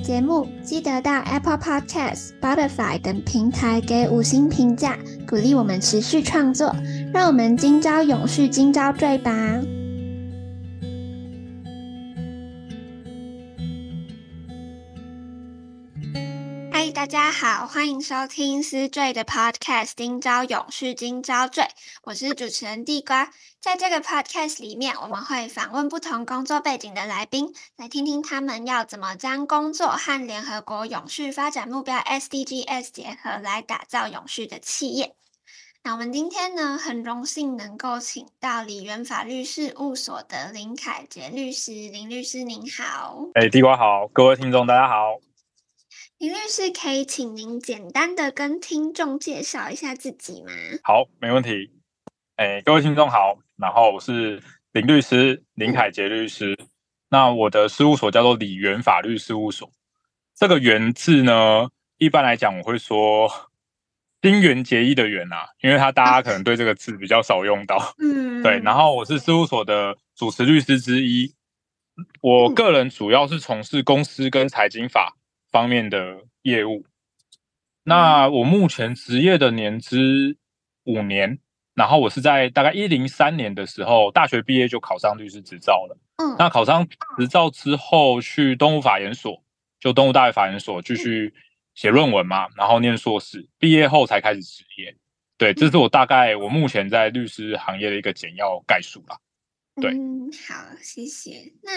節目記得到 Apple Podcast、Spotify 等平台給五星評價，鼓勵我們持續創作。讓我們今朝永續，今朝綴吧。大家好，歡迎收聽《思綴的 Podcast》，今朝永續，今朝綴。我是主持人地瓜。在這個 Podcast 裡面，我們會訪問不同工作背景的來賓，來聽聽他們要怎麼將工作和聯合國永續發展目標 SDGs 結合，來打造永續的企業。那我們今天呢，很榮幸能夠請到理垣法律事務所的林楷傑律師，林律師您好。哎，地瓜好，各位聽眾大家好。林律師，可以請您簡單的跟聽眾介紹一下自己嗎？好，沒問題。哎、欸，各位聽眾好，然後我是林律師林楷傑律師。嗯、那我的事務所叫做理垣法律事務所。這個“垣字呢，一般來講，我會說“丁元結義”的“元”啊，因為他大家可能對這個字比較少用到。嗯。對，然後我是事務所的主持律師之一。我個人主要是從事公司跟財經法。嗯方面的業務。那我目前職業的年資五年，然後我是在大概一零三年的時候大學畢業就考上律師執照了。嗯，那考上執照之後去東吳法研所，就東吳大學法研所繼續寫論文嘛，然後念碩士，畢業後才開始職業。對，這是我大概我目前在律師行業的一個簡要概述啦。對嗯，好，謝謝。那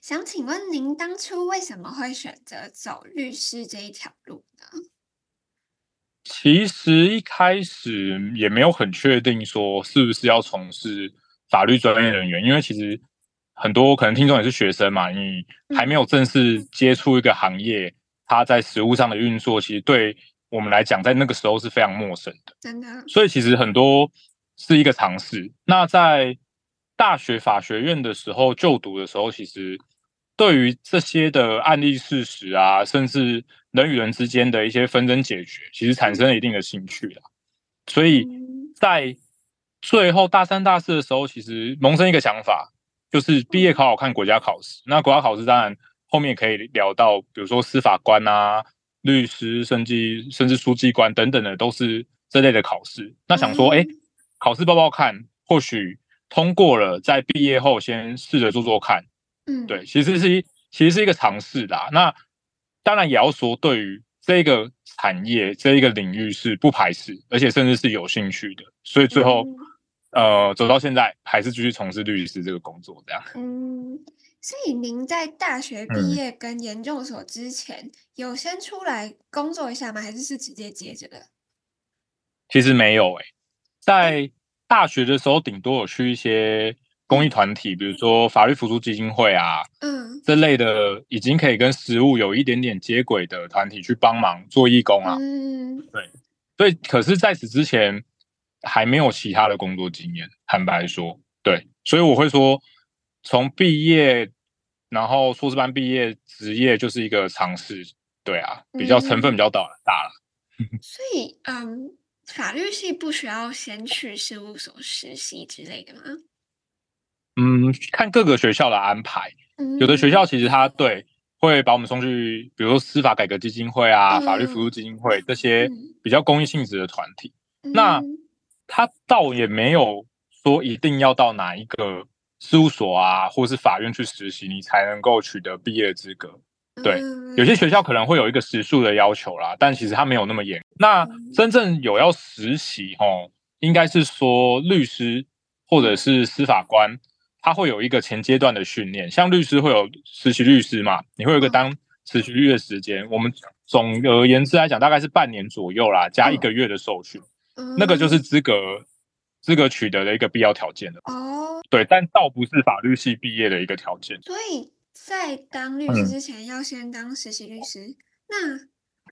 想請問您當初為什麼會選擇走律師這一條路呢？其實一開始也沒有很確定說是不是要從事法律專業人員。嗯、因為其實很多可能聽眾也是學生嘛，你還沒有正式接觸一個行業，他在實務上的運作，其實對我們來講，在那個時候是非常陌生的。真的、嗯，所以其實很多是一個嘗試。那在大學法學院的時候就讀的時候，其實對於這些的案例事實啊，甚至人與人之間的一些紛爭解決，其實產生了一定的興趣啦，所以在最後大三、大四的時候，其實萌生一個想法，就是畢業考考看國家考試。那國家考試，當然後面可以聊到，比如說司法官啊、律師，甚至甚至書記官等等的，都是這類的考試。那想說，哎、欸，考試報報看？或許。通過了，在畢業後先試着做做看，嗯，對，其實是一其實是一個嘗試啦、啊。那當然也要說，對於這個產業、這一個領域是不排斥，而且甚至是有興趣的。所以最後，嗯、呃，走到現在還是繼續從事律師這個工作，這樣。嗯，所以您在大學畢業跟研究所之前，有先出來工作一下嗎？還是是直接接着的？其實沒有誒、欸，在。嗯大學的時候，頂多有去一些公益團體，比如說法律扶助基金會啊，嗯，這類的已經可以跟實務有一點點接軌的團體去幫忙做義工啊。嗯對，對，所以可是在此之前還沒有其他的工作經驗，坦白說，對，所以我會說從畢，從畢業然後碩士班畢業，職業就是一個嘗試，對啊，比較成分比較大大了，嗯、 所以嗯。Um 法律系不需要先去事務所實習之類的嗎？嗯，看各個學校的安排。嗯。有的學校其實他對，會把我們送去，比如說司法改革基金會啊、嗯。法律服務基金會這些比較公益性質的團體。嗯。那他倒也沒有說一定要到哪一個事務所啊，或是法院去實習，你才能夠取得畢業資格。對，有些學校可能會有一個時數的要求啦，但其實它沒有那麼嚴。那真正有要實習哦，應該是說律師或者是司法官，他會有一個前階段的訓練。像律師會有實習律師嘛，你會有一個當實習律師的時間。哦、我們總而言之來講，大概是半年左右啦，加一個月的受訓，嗯、那個就是資格資格取得的一個必要條件的哦。對，但倒不是法律系畢業的一個條件。所以。在當律師之前，要先當實習律師。嗯、那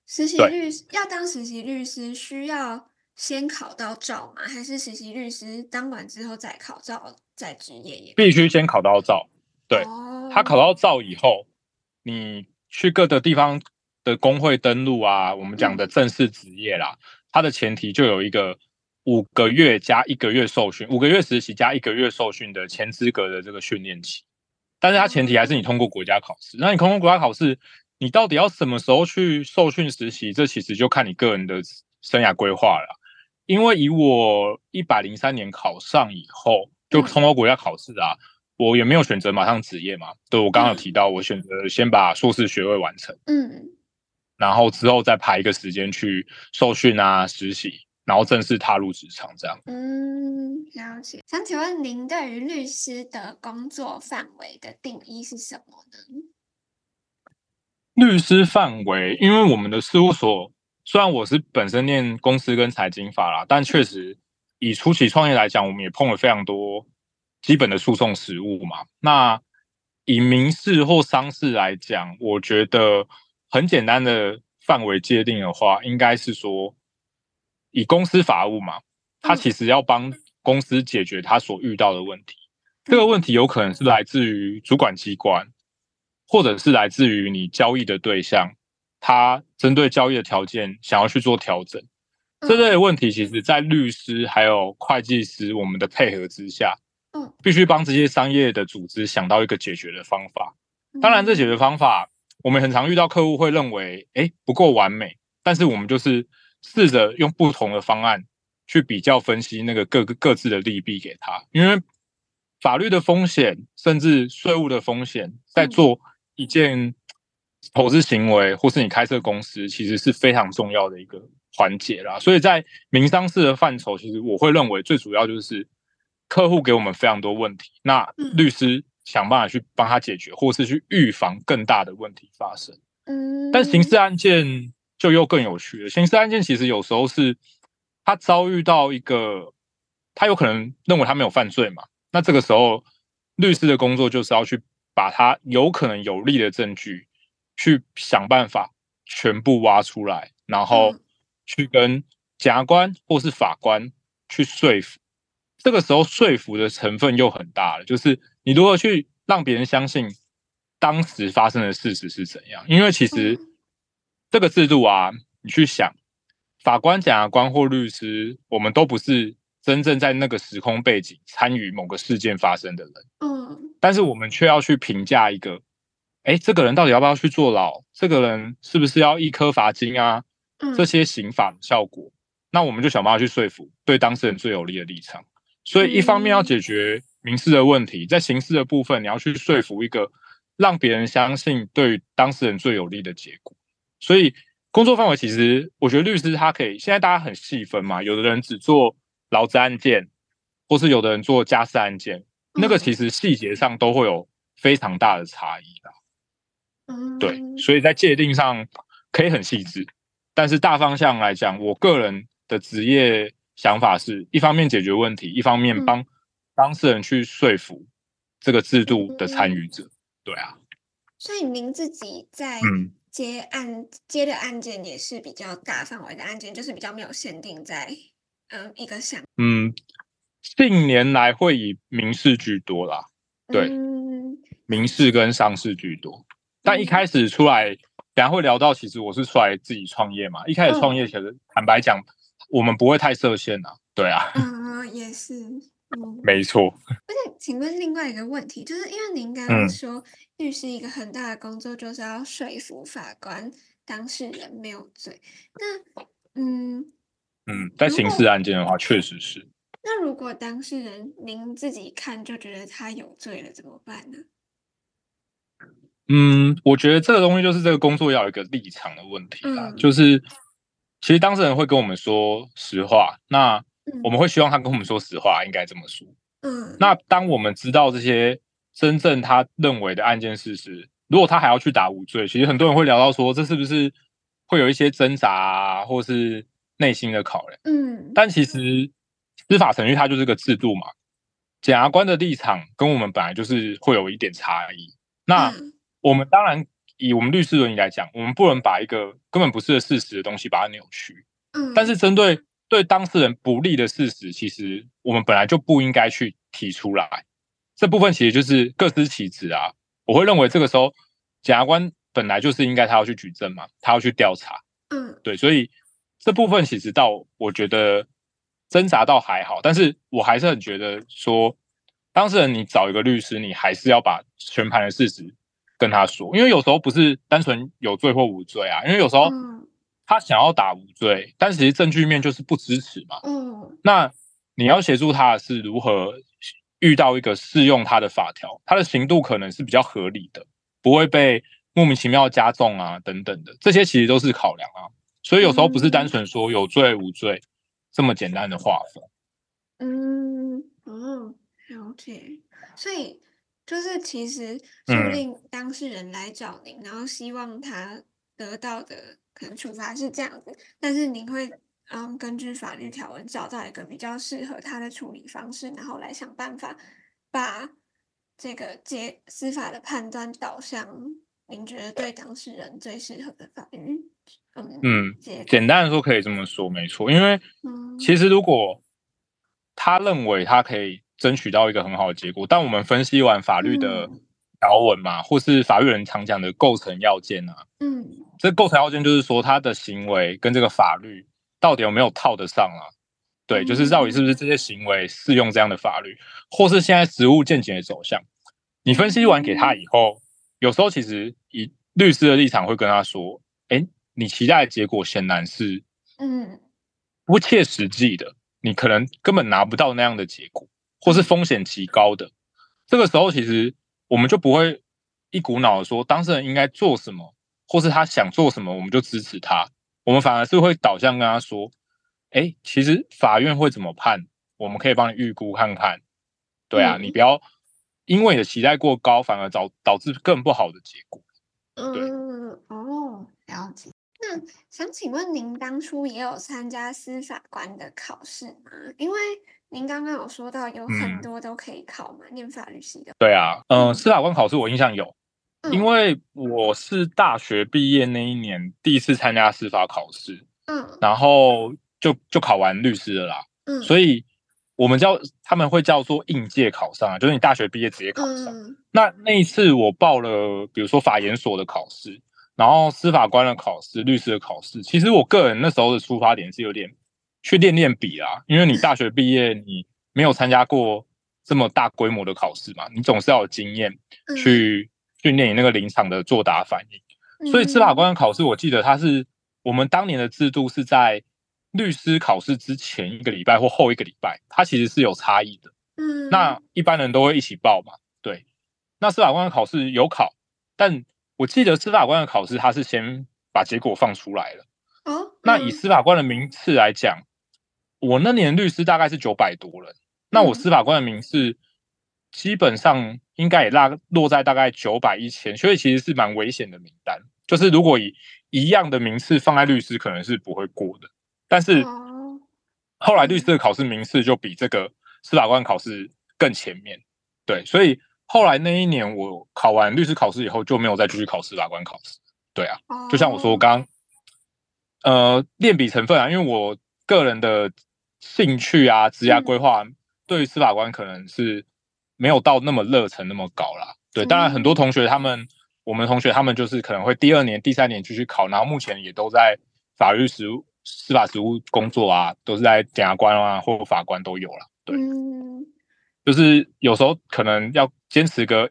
實習律師對要當實習律師，需要先考到照嗎？還是實習律師當完之後再考照再執業也？必須先考到照。對，哦、他考到照以後，你去各個地方的公會登錄啊，我們講的正式執業啦，它、嗯、的前提就有一個五個月加一個月受訓，五個月實習加一個月受訓的前資格的這個訓練期。但是它前提還是你通過國家考試，那你通過國家考試，你到底要什麼時候去受訓實習？這其實就看你個人的生涯規劃了。因為以我一百零三年考上以後就通過國家考試啊，我也沒有選擇馬上執業嘛。對，我剛剛有提到，嗯、我選擇先把碩士學位完成，嗯，然後之後再排一個時間去受訓啊實習。然後正式踏入職場，這樣。嗯，了解。想請問您對於律師的工作範圍的定義是什麼呢？律師範圍，因為我們的事務所，雖然我是本身念公司跟財經法啦，但確實以初期創業來講，我們也碰了非常多基本的訴訟實務嘛。那以民事或商事來講，我覺得很簡單的範圍界定的話，應該是說。以公司法務嘛，他其實要幫公司解決他所遇到的問題。這個問題有可能是來自於主管機關，或者是來自於你交易的對象，他針對交易的條件想要去做調整。這類問題，其實在律師還有會計師我們的配合之下，必須幫這些商業的組織想到一個解決的方法。當然，這解決方法我們很常遇到客戶會認為，哎，不夠完美，但是我們就是。試着用不同的方案，去比較分析那個各個各自的利弊給他，因為法律的風險甚至稅務的風險，在做一件投資行為或是你開設公司，其實是非常重要的一個環節啦。所以在民商事的範疇，其實我會認為最主要就是客戶給我們非常多問題，那律師想辦法去幫他解決，或是去預防更大的問題發生。但刑事案件。就又更有趣了。刑事案件其實有時候是，他遭遇到一個，他有可能認為他沒有犯罪嘛。那這個時候，律師的工作就是要去把他有可能有利的證據，去想辦法全部挖出來，然後去跟檢察官或是法官去說服。這個時候說服的成分又很大了，就是你如何去讓別人相信當時發生的事實是怎樣？因為其實。這個制度啊，你去想，法官、檢察官或律師，我們都不是真正在那個時空背景參與某個事件發生的人。嗯，但是我們卻要去評價一個，哎，這個人到底要不要去坐牢？這個人是不是要一顆罰金啊？嗯、這些刑法的效果，那我們就想辦法去說服對當事人最有利的立場。所以一方面要解決民事的問題，在刑事的部分，你要去說服一個讓別人相信對當事人最有利的結果。所以，工作範圍其實，我覺得律師他可以。現在大家很細分嘛，有的人只做勞資案件，或是有的人做家事案件，那個其實細節上都會有非常大的差異的。嗯，對。所以在界定上可以很細緻，但是大方向來講，我個人的職業想法是一方面解決問題，一方面幫當事人去說服這個制度的參與者。對啊。所以您自己在嗯。接案接的案件也是比較大範圍的案件，就是比較沒有限定在嗯一個項。嗯，近年來會以民事居多啦，嗯、對，民事跟商事居多。但一開始出來，等一下會、嗯、聊到，其實我是出來自己創業嘛。一開始創業其實坦白講，哦、我們不會太設限了、啊、對啊，嗯，也是。沒錯、嗯，而且請問另外一個問題，就是因為您剛剛說、嗯、律師一個很大的工作就是要說服法官當事人沒有罪，那嗯嗯，在刑事案件的話確實是。那如果當事人您自己看就覺得他有罪了怎麼辦呢？嗯，我覺得這個東西就是這個工作要有一個立場的問題啦，嗯、就是其實當事人會跟我們說實話，那。嗯、我們會希望他跟我們說實話，應該這麼說。嗯、那當我們知道這些真正他認為的案件事實，如果他還要去打無罪，其實很多人會聊到說，這是不是會有一些掙扎，啊？或是內心的考量？嗯嗯、但其實司法程序它就是個制度嘛，檢察官的立場跟我們本來就是會有一點差異。那我們當然以我們律師倫理來講，我們不能把一個根本不是事實的東西把它扭曲。嗯、但是針對。對當事人不利的事實，其實我們本來就不應該去提出來。這部分其實就是各司其職啊。我會認為這個時候，檢察官本來就是應該他要去舉證嘛，他要去調查。嗯，對，所以這部分其實倒我覺得掙扎倒還好，但是我還是很覺得說，當事人你找一個律師，你還是要把全盤的事實跟他說，因為有時候不是單純有罪或無罪啊，因為有時候。嗯他想要打無罪，但其實證據面就是不支持嘛。嗯，那你要協助他的是如何遇到一個適用他的法條，他的刑度可能是比較合理的，不會被莫名其妙加重啊，等等的，這些其實都是考量。啊，所以有時候不是單純說有罪無罪這麼簡單的劃分。嗯，嗯嗯，了解。所以就是其實，說不定當事人來找您，然後希望他得到的。可能處罰是這樣子，但是您會，嗯，根據法律條文找到一個比較適合他的處理方式，然後來想辦法把這個司法的判斷導向您覺得對當事人最適合的法律。嗯，嗯，簡單的說可以這麼說，沒錯，因為其實如果他認為他可以爭取到一個很好的結果，但我們分析完法律的條文嘛，嗯，或是法律人常講的構成要件啊，嗯。這構成要件就是說，他的行為跟這個法律到底有沒有套得上了、啊？對，就是到底是不是這些行為適用這樣的法律，或是現在實務見解的走向？你分析完給他以後，有時候其實以律師的立場會跟他說：“哎，你期待的結果顯然是嗯不切實際的，你可能根本拿不到那樣的結果，或是風險極高的。”這個時候，其實我們就不會一股腦的說當事人應該做什麼。或是他想做什麼，我們就支持他。我們反而是會導向跟他說：“哎、欸，其實法院會怎麼判，我們可以幫你預估看看。”對啊，嗯、你不要因為你的期待過高，反而導導致更不好的結果。嗯，哦，了解。那想請問您當初也有參加司法官的考試嗎？因為您剛剛有說到有很多都可以考嘛，嗯、念法律系的。對啊，嗯、呃，司法官考試我印象有。因為我是大學畢業那一年第一次參加司法考試，嗯，然後就就考完律師了啦，嗯，所以我們叫他們會叫做應屆考上啊，就是你大學畢業直接考上。嗯，那那一次我報了，比如說法研所的考試，然後司法官的考試、律師的考試。其實我個人那時候的出發點是有點去練練筆啊，因為你大學畢業你沒有參加過這麼大規模的考試嘛，你總是要有經驗去。訓練你那個臨場的作答反應，所以司法官的考試，我記得他是我們當年的制度是在律師考試之前一個禮拜或後一個禮拜，它其實是有差異的。嗯，那一般人都會一起報嘛，對。那司法官的考試有考，但我記得司法官的考試，他是先把結果放出來了。哦，嗯、那以司法官的名次來講，我那年律師大概是九百多人，那我司法官的名次、嗯。基本上應該也落落在大概九百一千，所以其實是蠻危險的名單。就是如果以一樣的名次放在律師，可能是不會過的。但是後來律師的考試名次就比這個司法官考試更前面。對，所以後來那一年我考完律師考試以後，就沒有再繼續考司法官考試。對啊，就像我說我剛、剛呃練筆成分啊，因為我個人的興趣啊，職業規劃對於司法官可能是。沒有到那麼熱忱，那麼高啦，對，嗯、當然很多同學他們，我們同學他們就是可能會第二年、第三年繼續考，然後目前也都在法律實務、司法實務工作啊，都是在檢察官啊或法官都有了，對，嗯、就是有時候可能要堅持個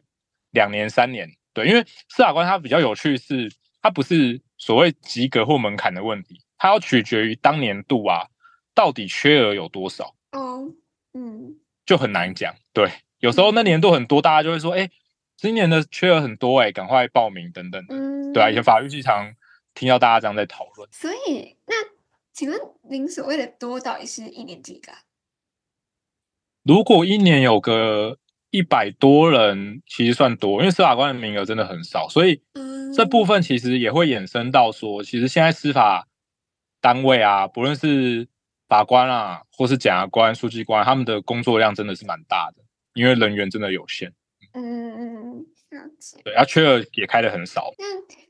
兩年、三年，對，因為司法官他比較有趣是，他不是所謂及格或門檻的問題，他要取決於當年度啊到底缺額有多少，哦，嗯，就很難講，對。有時候那年度很多，嗯、大家就會說：“哎、欸，今年的缺額很多、欸，哎，趕快報名等等的。嗯”對啊，以前法律經常聽到大家這樣在討論。所以那請問您所謂的多到底是一年幾個？如果一年有個一百多人，其實算多，因為司法官的名額真的很少，所以、嗯、這部分其實也會衍生到說，其實現在司法單位啊，不論是法官啊，或是檢察官、書記官，他們的工作量真的是蠻大的。因為人員真的有限，嗯嗯嗯，這樣子對，然、啊、缺額也開的很少。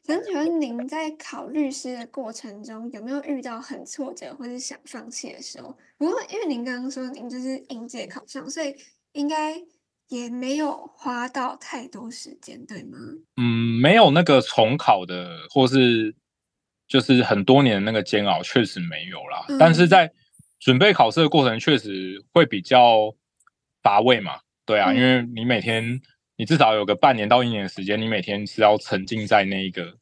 那想請問，您在考律師的過程中有沒有遇到很挫折或者想放棄的時候？不過因為您剛剛說您就是應屆考上，所以應該也沒有花到太多時間，對嗎？嗯，沒有那個重考的，或是就是很多年的那個煎熬，確實沒有啦。嗯、但是在準備考試的過程，確實會比較乏味嘛。對啊，因為你每天，你至少有個半年到一年的時間，你每天是要沉浸在那一個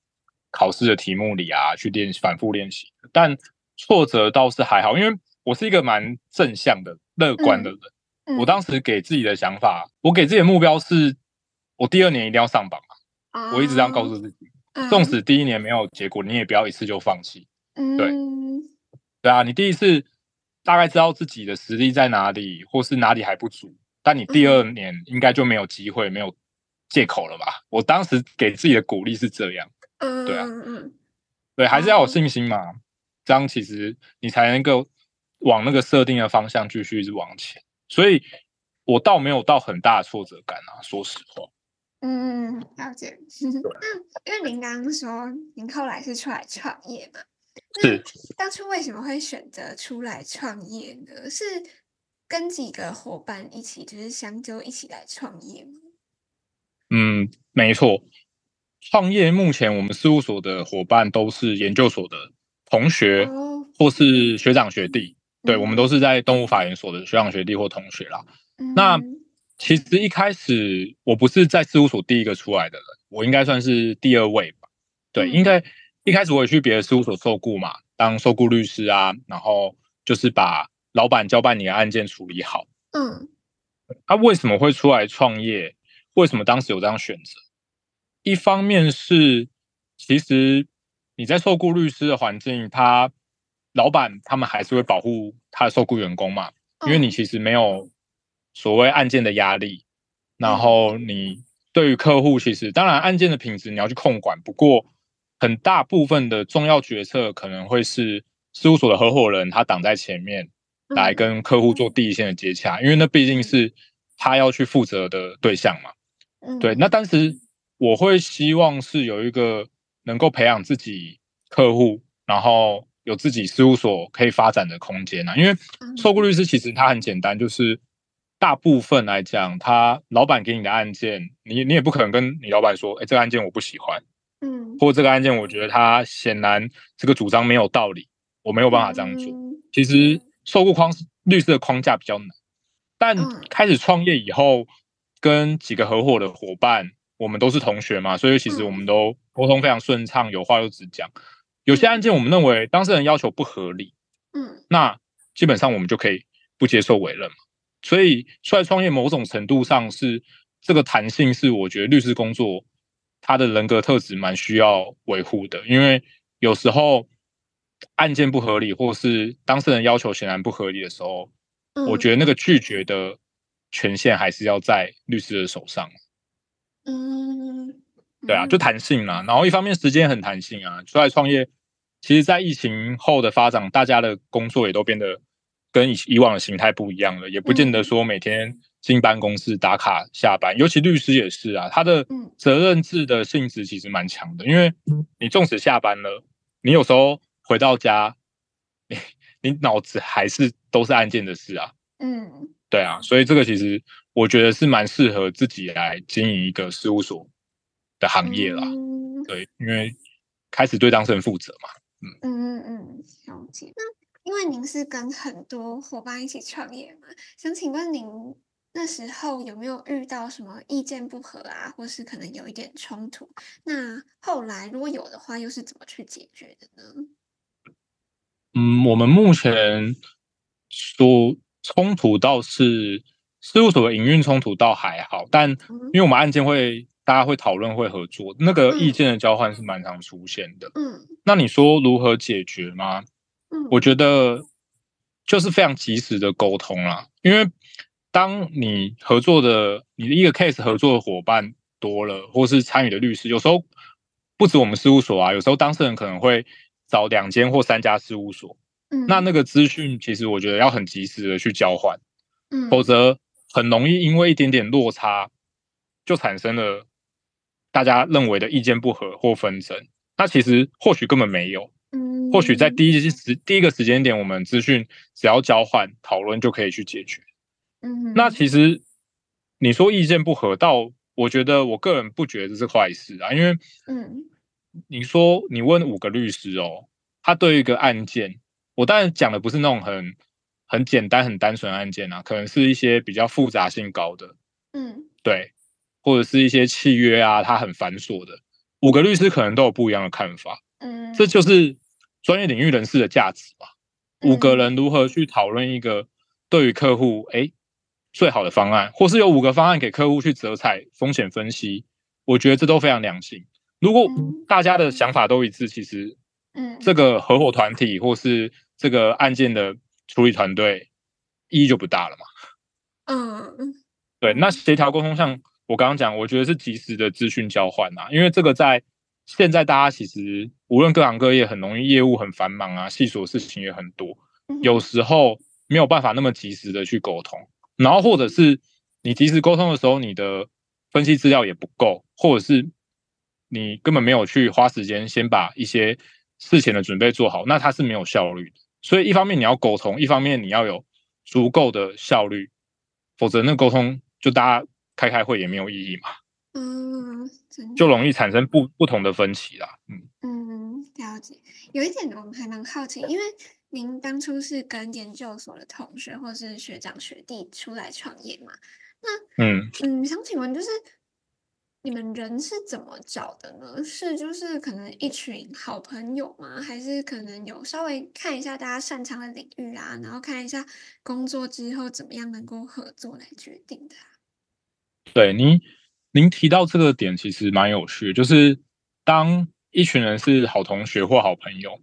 考試的題目裡啊，去練習，反復練習。但挫折倒是還好，因為我是一個蠻正向的、樂觀的人。嗯嗯、我當時給自己的想法，我給自己的目標是，我第二年一定要上榜嘛。我一直這樣告訴自己，縱使第一年沒有結果，你也不要一次就放棄。對，對啊，你第一次大概知道自己的實力在哪裡，或是哪裡還不足。但你第二年應該就沒有機會，嗯、沒有借口了吧？我當時給自己的鼓勵是這樣，嗯、對啊，嗯、對，還是要有信心嘛，嗯、這樣其實你才能夠往那個設定的方向繼續一直往前。所以，我倒沒有到很大的挫折感啊，說實話。嗯嗯嗯，了解 那。因為您剛剛說您後來是出來創業的是。當初為什麼會選擇出來創業呢？是。跟幾個夥伴一起，就是相就一起來創業。嗯，沒錯，創業目前我們事務所的夥伴都是研究所的同學，或是學長學弟。哦、對，嗯、我們都是在動物法研所的學長學弟或同學啦。嗯、那其實一開始我不是在事務所第一個出來的人，我應該算是第二位吧。對，嗯、應該一開始我也去別的事務所受僱嘛，當受僱律師啊，然後就是把。老板交辦你的案件處理好。嗯，他、啊、為什麼會出來創業？為什麼當時有這樣選擇？一方面是，其實你在受雇律師的環境，他老板他們還是會保護他的受雇員工嘛，因為你其實沒有所謂案件的壓力。嗯、然後你對於客戶，其實當然案件的品質你要去控管，不過很大部分的重要決策可能會是事務所的合夥人他擋在前面。來跟客戶做第一線的接洽，因為那畢竟是他要去負責的對象嘛。對，那當時我會希望是有一個能夠培養自己客戶，然後有自己事務所可以發展的空間呢、啊。因為受僱律師其實他很簡單，就是大部分來講，他老板給你的案件，你你也不可能跟你老板說：“哎，這個案件我不喜歡。”或或這個案件我覺得他顯然這個主張沒有道理，我沒有辦法這樣做。其實。受過框，律師的框架比較難，但開始創業以後，跟幾個合夥的夥伴，我們都是同學嘛，所以其實我們都溝通非常順暢，有話就直講。有些案件我們認為當事人要求不合理，嗯，那基本上我們就可以不接受委任嘛。所以出來創業，某種程度上是這個彈性，是我覺得律師工作他的人格特質蠻需要維護的，因為有時候。案件不合理，或是當事人要求顯然不合理的時候，我覺得那個拒絕的權限還是要在律師的手上。嗯，對啊，就彈性嘛，啊。然後一方面時間很彈性啊。出來創業，其實在疫情後的發展，大家的工作也都變得跟以以往的形態不一樣了，也不見得說每天進辦公室打卡下班。尤其律師也是啊，他的責任制的性質其實蠻強的，因為你縱使下班了，你有時候。回到家，你你腦子還是都是案件的事啊。嗯，對啊，所以這個其實我覺得是蠻適合自己來經營一個事務所的行業啦。嗯、對，因為開始對當事人負責嘛。嗯嗯嗯嗯，那因為您是跟很多夥伴一起創業嘛，想請問您那時候有沒有遇到什麼意見不合啊，或是可能有一點衝突？那後來如果有的話，又是怎麼去解決的呢？嗯，我們目前說，衝突倒是事務所的營運衝突倒還好，但因為我們案件會大家會討論、會合作，那個意見的交換是蠻常出現的。嗯，那你說如何解決嗎？嗯，我覺得就是非常及時的溝通啦，因為當你合作的你的一個 case 合作的夥伴多了，或是參與的律師，有時候不止我們事務所啊，有時候當事人可能會、找兩間或三家事務所，嗯、那那個資訊其實我覺得要很及時的去交換，嗯、否則很容易因為一點點落差，就產生了大家認為的意見不合或紛爭。那其實或許根本沒有，嗯、或許在第一時、嗯、第一個時間點，我們資訊只要交換討論就可以去解決，嗯嗯、那其實你說意見不合，倒我覺得我個人不覺得這是壞事啊，因為，嗯。你說你問五個律師哦，他對於一個案件，我當然講的不是那種很很簡單、很單純的案件啊，可能是一些比較複雜性高的，嗯，對，或者是一些契約啊，它很繁瑣的，五個律師可能都有不一樣的看法，嗯，這就是專業領域人士的價值吧。嗯，五個人如何去討論一個對於客戶哎最好的方案，或是有五個方案給客戶去擇採風險分析，我覺得這都非常良心。如果大家的想法都一致，其實，嗯，這個合夥團體或是這個案件的處理團隊意義就不大了嘛。嗯，對。那協調溝通，像我剛剛講，我覺得是及時的資訊交換啊，因為這個在現在大家其實無論各行各業，很容易業務很繁忙啊，細瑣的事情也很多，有時候沒有辦法那麼及時的去溝通，然後或者是你及時溝通的時候，你的分析資料也不夠，或者是。你根本沒有去花時間先把一些事前的準備做好，那它是沒有效率的。所以一方面你要溝通，一方面你要有足夠的效率，否則那溝通就大家開開會也沒有意義嘛。嗯，真的。就容易產生不不同的分歧啦。嗯嗯，了解。有一點我們還蠻好奇，因為您當初是跟研究所的同學或是學長學弟出來創業嘛？那嗯嗯，想請問就是。你們人是怎麼找的呢？是就是可能一群好朋友嗎？還是可能有稍微看一下大家擅長的領域啊，然後看一下工作之後怎麼樣能夠合作來決定的啊？對，您您提到這個點其實蠻有趣，就是當一群人是好同學或好朋友，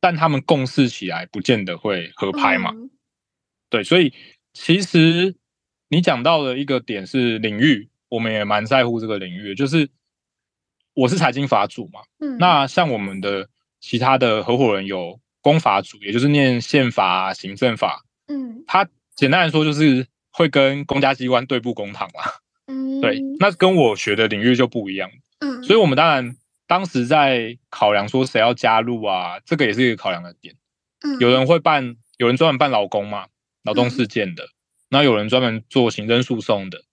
但他們共事起來不見得會合拍嘛。嗯。對，所以其實你講到的一個點是領域。我們也蠻在乎這個領域，就是我是財經法組嘛，嗯，那像我們的其他的合夥人有公法組，也就是念憲法、行政法，嗯，他簡單來說就是會跟公家機關對簿公堂嘛，嗯， 對，那跟我學的領域就不一樣，嗯，所以我們當然當時在考量說誰要加入啊，這個也是一個考量的點，嗯，有人會辦，有人專門辦勞工嘛，勞動事件的，那，嗯，有人專門做行政訴訟的。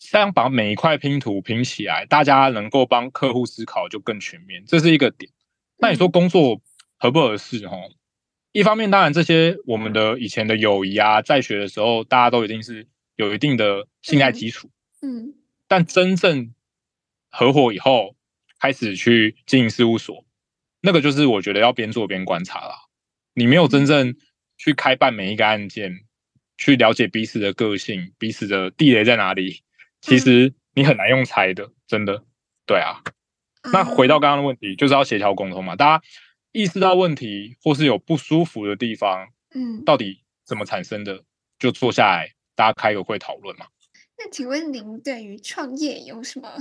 這樣把每一塊拼圖拼起來，大家能夠幫客戶思考就更全面，這是一個點。那你說工作合不合適？哦、嗯？一方面當然這些我們的以前的友誼啊，在學的時候大家都一定是有一定的信賴基礎、嗯，嗯。但真正合夥以後開始去經營事務所，那個就是我覺得要邊做邊觀察啦。你沒有真正去開辦每一個案件，去了解彼此的個性，彼此的地雷在哪裡？其實你很難用猜的，嗯、真的。對啊，嗯、那回到剛剛的問題，就是要協調溝通嘛。大家意識到問題或是有不舒服的地方，嗯，到底怎麼產生的，就坐下來，大家開個會討論嘛。那請問您對於創業有什麼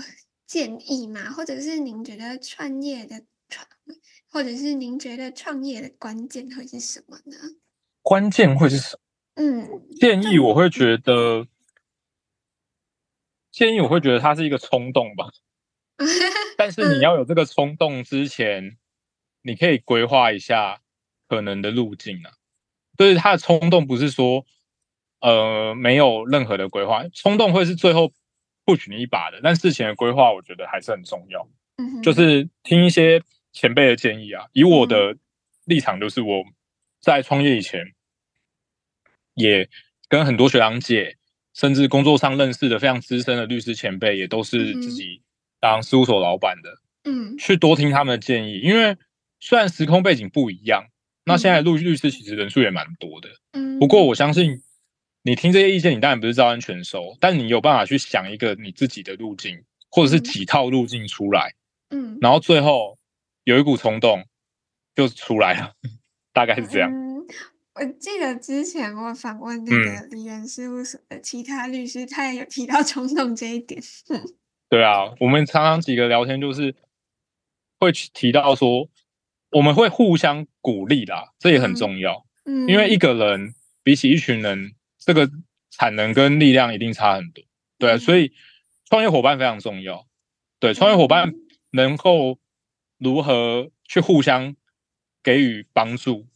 建議嗎？或者是您覺得創業的創，或者是您覺得創業的關鍵會是什麼呢？關鍵會是什麼？嗯，建議我會覺得。建議我會覺得它是一個衝動吧， 但是你要有這個衝動之前，你可以規劃一下可能的路徑啊，就是他的衝動不是說呃沒有任何的規劃，衝動會是最後不 u 你一把的，但事前的規劃我覺得還是很重要。嗯、哼就是聽一些前輩的建議啊。以我的立場，就是我，在創業以前，也跟很多學長姐。甚至工作上認識的非常資深的律師前輩，也都是自己當事務所老闆的。嗯，去多聽他們的建議，因為雖然時空背景不一樣，那現在律律師其實人數也蠻多的。嗯，不過我相信你聽這些意見，你當然不是照單全收，但你有辦法去想一個你自己的路徑，或者是幾套路徑出來。嗯，然後最後有一股衝動就出來了， 大概是這樣。我記得之前我訪問那個理垣事務所其他律師，嗯、他也有提到衝動這一點。對啊，我們常常幾個聊天就是會提到說，我們會互相鼓勵啦，嗯、這也很重要。嗯，因為一個人比起一群人，這個產能跟力量一定差很多。對啊，嗯、所以創業夥伴非常重要。對，創業夥伴能夠如何去互相給予幫助，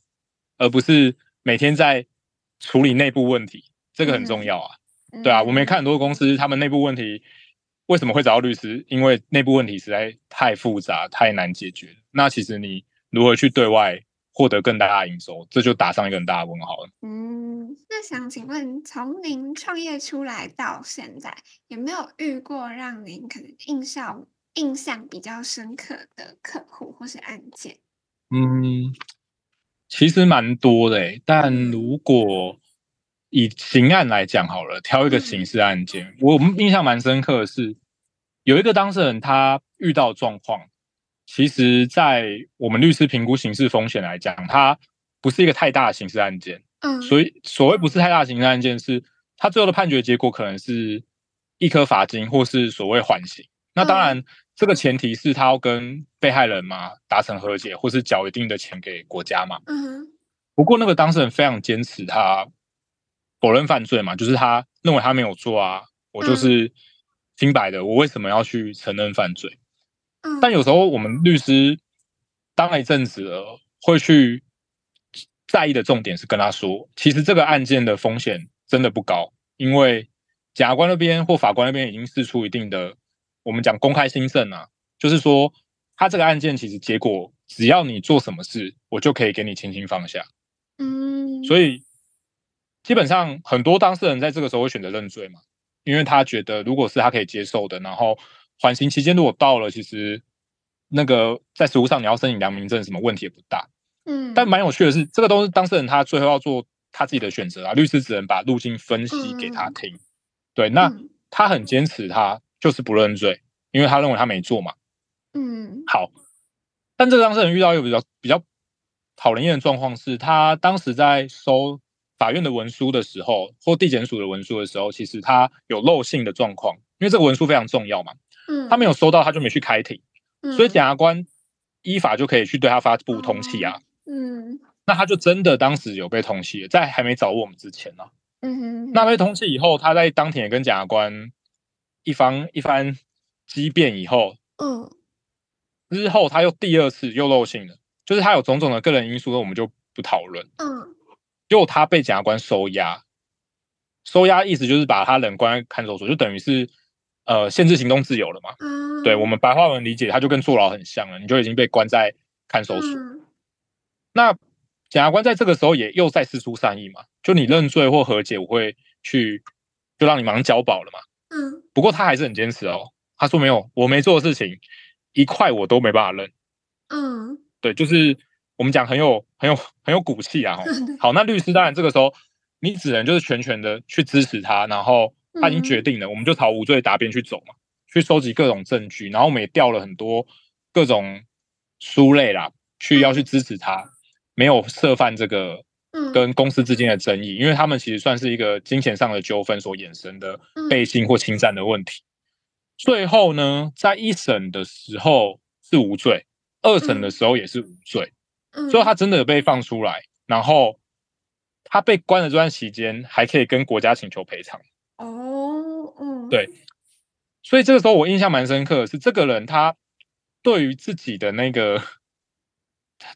而不是。每天在處理內部問題，這個很重要啊，嗯、對啊，我們沒看很多公司，他們內部問題為什麼會找到律師？因為內部問題實在太複雜、太難解決。那其實你如何去對外獲得更大的營收，這就打上一個很大的問號了。嗯，那想請問，從您創業出來到現在，有沒有遇過讓您可能印象印象比較深刻的客戶或是案件？嗯。其實蠻多的，但如果以刑案來講好了，挑一個刑事案件，我印象蠻深刻的是，有一個當事人他遇到狀況，其實，在我們律師評估刑事風險來講，他不是一個太大的刑事案件。嗯，所以所謂不是太大刑事案件是，是他最後的判決結果可能是易科罰金或是所謂緩刑。那當然。嗯這個前提是他要跟被害人嘛達成和解，或是繳一定的錢給國家嘛。不過那個當事人非常堅持，他否認犯罪嘛，就是他認為他沒有做啊，我就是清白的，我為什麼要去承認犯罪？但有時候我們律師當了一陣子了，會去在意的重點是跟他說，其實這個案件的風險真的不高，因為檢察官那邊或法官那邊已經釋出一定的。我們講公開心證，啊，就是說他這個案件其實結果，只要你做什麼事，我就可以給你輕輕放下。嗯，所以基本上很多當事人在這個時候會選擇認罪嘛，因為他覺得如果是他可以接受的，然後緩刑期間如果到了，其實那個在實務上你要申請良民證什麼問題也不大。嗯，但蠻有趣的是，這個都是當事人他最後要做他自己的選擇啊，律師只能把路徑分析給他聽。對，那他很堅持他。就是不認罪，因為他認為他沒做嘛。嗯，好。但這當事人遇到一個比較比較討人厭的狀況是，他當時在收法院的文書的時候，或地檢署的文書的時候，其實他有漏信的狀況，因為這個文書非常重要嘛。嗯，他沒有收到，他就沒去開庭。嗯，所以檢察官依法就可以去對他發布通緝啊，啊。嗯，那他就真的當時有被通緝，在還沒找我們之前呢、啊。嗯哼，嗯哼，那被通緝以後，他在當庭也跟檢察官。一方，一番一番激辯以後，嗯，日後他又第二次又漏性了，就是他有種種的個人因素，我們就不討論。嗯，又他被檢察官收押，收押意思就是把他人關在看守所，就等於是呃限制行動自由了嘛。嗯，對我們白話文理解，他就跟坐牢很像了，你就已經被關在看守所。嗯，那檢察官在這個時候也又再釋出善意嘛，就你認罪或和解，我會去就讓你馬上交保了嘛。嗯，不過他還是很堅持哦。他說沒有，我沒做的事情一塊我都沒辦法認。嗯，對，就是我們講很有很有很有骨氣啊、哦。 好，那律師當然這個時候你只能就是全權的去支持他，然後他已經決定了，嗯、我們就朝無罪答辯去走嘛，去收集各種證據，然後我們也調了很多各種書類啦，去要去支持他沒有涉犯這個跟公司之間的爭議，因為他們其實算是一個金錢上的糾紛所衍生的背信或侵占的問題。最後呢，在一審的時候是無罪，二審的時候也是無罪，所以他真的被放出來。然後他被關的這段時間，還可以跟國家請求賠償。哦，對。所以這個時候我印象蠻深刻的是，這個人他對於自己的那個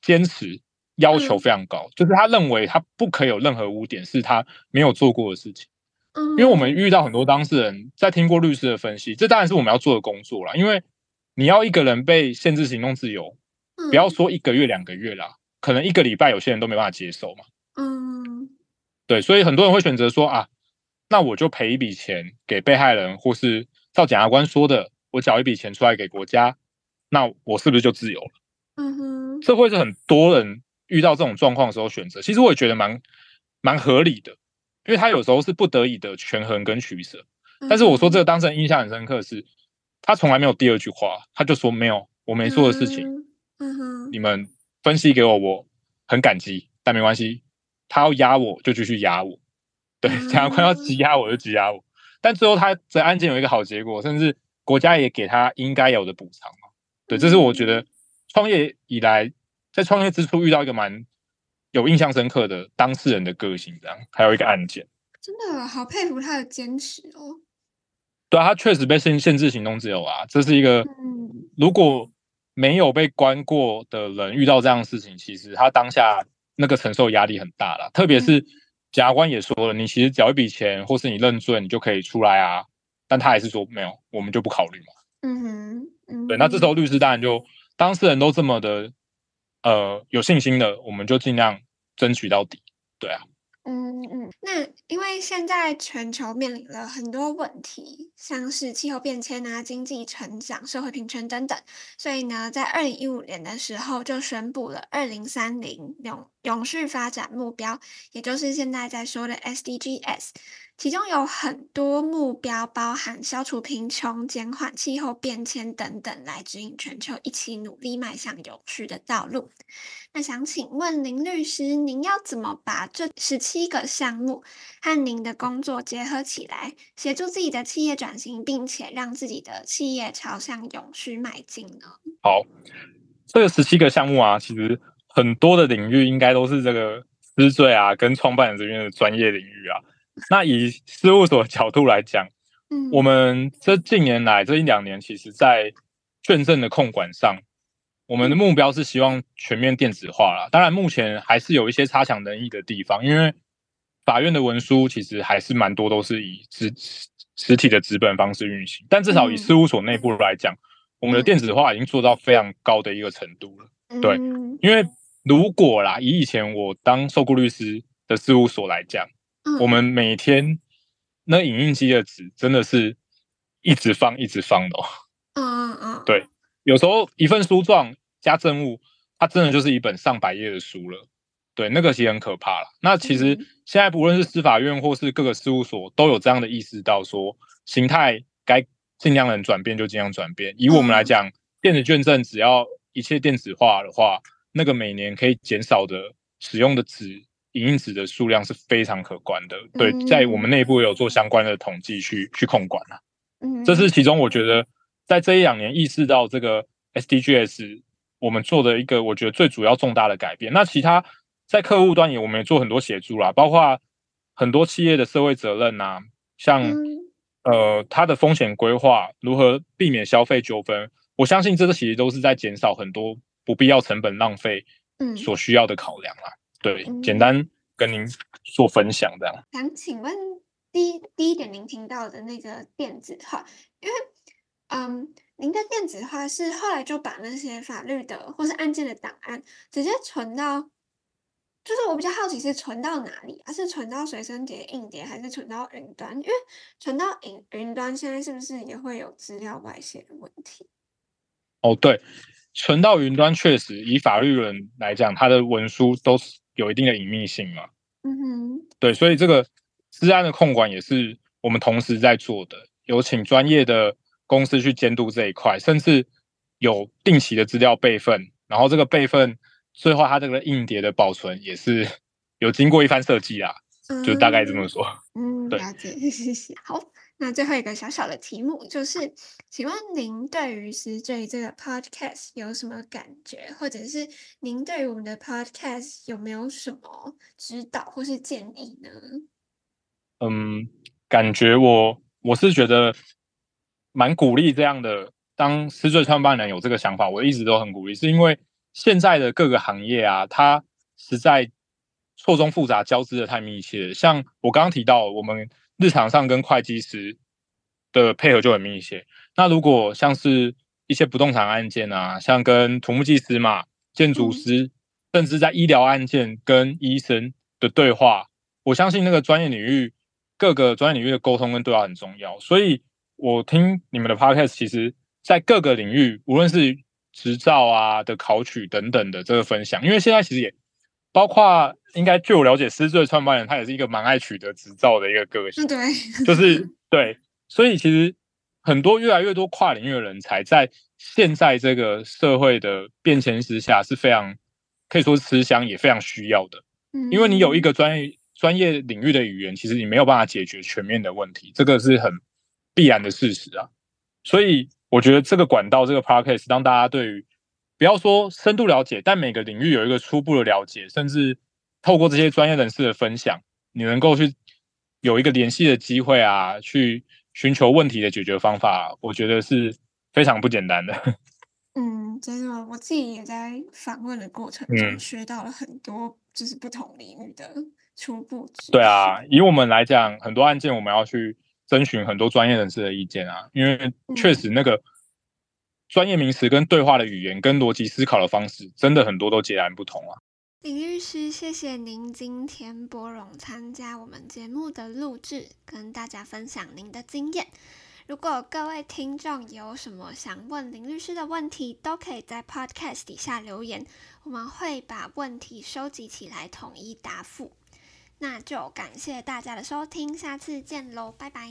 堅持要求非常高，嗯、就是他認為他不可以有任何污點，是他沒有做過的事情。嗯，因為我們遇到很多當事人，在聽過律師的分析，這當然是我們要做的工作了。因為你要一個人被限制行動自由，不要說一個月，兩個月啦，嗯、可能一個禮拜有些人都沒辦法接受嘛。嗯，對，所以很多人會選擇說啊，那我就賠一筆錢給被害人，或是照檢察官說的，我繳一筆錢出來給國家，那我是不是就自由了？嗯哼，這會是很多人。遇到這種狀況的時候選擇，選擇其實我也覺得蠻蠻合理的，因為他有時候是不得已的權衡跟取捨。嗯、哼但是我說這個當事人印象很深刻是，是他從來沒有第二句話，他就說沒有，我沒做的事情。嗯哼，你們分析給我，我很感激，但沒關係。他要壓我就繼續壓我，對檢察官要擠壓我就擠壓我。但最後他的案件有一個好結果，甚至國家也給他應該有的補償嘛。對，嗯、哼這是我覺得創業以來。在創業之初遇到一個蠻有印象深刻的當事人的個性這樣，還有一個案件，真的好佩服他的堅持哦。對啊，他確實被限，限制行動自由啊，這是一個，嗯、如果沒有被關過的人遇到這樣的事情，其實他當下那個承受壓力很大了。特別是檢察官也說了，你其實繳一筆錢或是你認罪，你就可以出來啊。但他還是說沒有，我們就不考慮嘛。嗯哼，嗯哼，對，那這時候律師當然就當事人都這麼的。呃，有信心的，我們就盡量爭取到底，對啊。嗯嗯，那因為現在全球面臨了很多問題，像是氣候變遷啊、經濟成長、社會平權等等，所以呢，在二零一五年的時候就宣布了二零三零用永續發展目標，也就是現在在說的 SDGs，其中有很多目標，包含消除貧窮、減緩氣候變遷等等，來指引全球一起努力邁向永續的道路。那想請問林律師，您要怎麼把這十七個項目和您的工作結合起來，協助自己的企業轉型，並且讓自己的企業朝向永續邁進呢？好，這十七個項目啊，其實。很多的領域應該都是這個思綴啊，跟創辦人這邊的專業領域啊。那以事務所的角度來講，嗯、我們這近年來這一兩年，其實，在券證的控管上，我們的目標是希望全面電子化了。嗯、當然，目前還是有一些差強人意的地方，因為法院的文書其實還是蠻多都是以實實體的紙本方式運行。但至少以事務所內部來講，嗯、我們的電子化已經做到非常高的一個程度了。嗯、對，因為如果啦，以以前我當受雇律師的事務所來講，嗯、我們每天那影印機的紙真的是一直放一直放的、哦嗯。嗯嗯嗯，對，有時候一份書狀加證物，它真的就是一本上百頁的書了。對，那個其實很可怕了。那其實現在不論是司法院或是各個事務所，都有這樣的意識到說，形態該儘量能轉變就儘量轉變。以我們來講，嗯、電子卷證只要一切電子化的話。那個每年可以減少的使用的紙、影印紙的數量是非常可觀的。對，在我們內部有做相關的統計去去控管啊。嗯，這是其中我覺得在這一兩年意識到這個 SDGs，我們做的一個我覺得最主要重大的改變。那其他在客戶端也我們也做很多協助啦，包括很多企業的社會責任吶、啊，像呃它的風險規劃，如何避免消費糾紛，我相信這個其實都是在減少很多。不必要成本浪費，嗯，所需要的考量啊，嗯、對，嗯、簡單跟您做分享這樣。想請問第一，第第一點，您聽到的那個電子化，因為，嗯，您的電子化是後來就把那些法律的或是案件的檔案直接存到，就是我比較好奇是存到哪裡，啊？而是存到隨身碟、硬碟，還是存到雲端？因為存到雲雲端，現在是不是也會有資料外泄的問題？哦，對。存到雲端確實，以法律人來講，他的文書都是有一定的隱秘性嘛。嗯哼，對，所以這個治安的控管也是我們同時在做的，有請專業的公司去監督這一塊，甚至有定期的資料備份，然後這個備份最後它這個硬碟的保存也是有經過一番設計啦，就大概這麼說對嗯。嗯，了解，謝謝，好。那最後一個小小的題目就是，請問您對於《思綴》這個 podcast 有什麼感覺，或者是您對於我們的 podcast 有沒有什麼指導或是建議呢？嗯，感覺我我是覺得蠻鼓勵這樣的，當思綴創辦人有這個想法，我一直都很鼓勵，是因為現在的各個行業啊，它實在錯綜複雜、交織得太密切。像我剛剛提到我們。日常上跟會計師的配合就很密切。那如果像是一些不動產案件啊，像跟土木技師嘛、建築師，甚至在醫療案件跟醫生的對話，我相信那個專業領域、各個專業領域的溝通跟對話很重要。所以，我聽你們的 podcast，其實，在各個領域，無論是執照啊的考取等等的這個分享，因為現在其實也。包括，應該據我了解，思綴創辦人他也是一個蠻愛取得執照的一個個性，嗯、對，就是對，所以其實很多越來越多跨領域的人才，在現在這個社會的變遷之下是非常可以說吃香，也非常需要的。嗯，因為你有一個專業專業領域的語言，其實你沒有辦法解決全面的問題，這個是很必然的事實啊。所以我覺得這個管道，這個 podcast，當大家對於。不要說深度了解，但每個領域有一個初步的了解，甚至透過這些專業人士的分享，你能夠去有一個聯繫的機會啊，去尋求問題的解決方法，我覺得是非常不簡單的。嗯，真的，就是，我自己也在訪問的過程中學到了很多，就是不同領域的初步、嗯。對啊，以我們來講，很多案件我們要去徵詢很多專業人士的意見啊，因為確實那個。專業名詞跟對話的語言，跟邏輯思考的方式，真的很多都截然不同啊！林律師，謝謝您今天撥冗參加我們節目的錄製，跟大家分享您的經驗。如果各位聽眾有什麼想問林律師的問題，都可以在 Podcast 底下留言，我們會把問題收集起來統一答覆。那就感謝大家的收聽，下次見嘍，拜拜！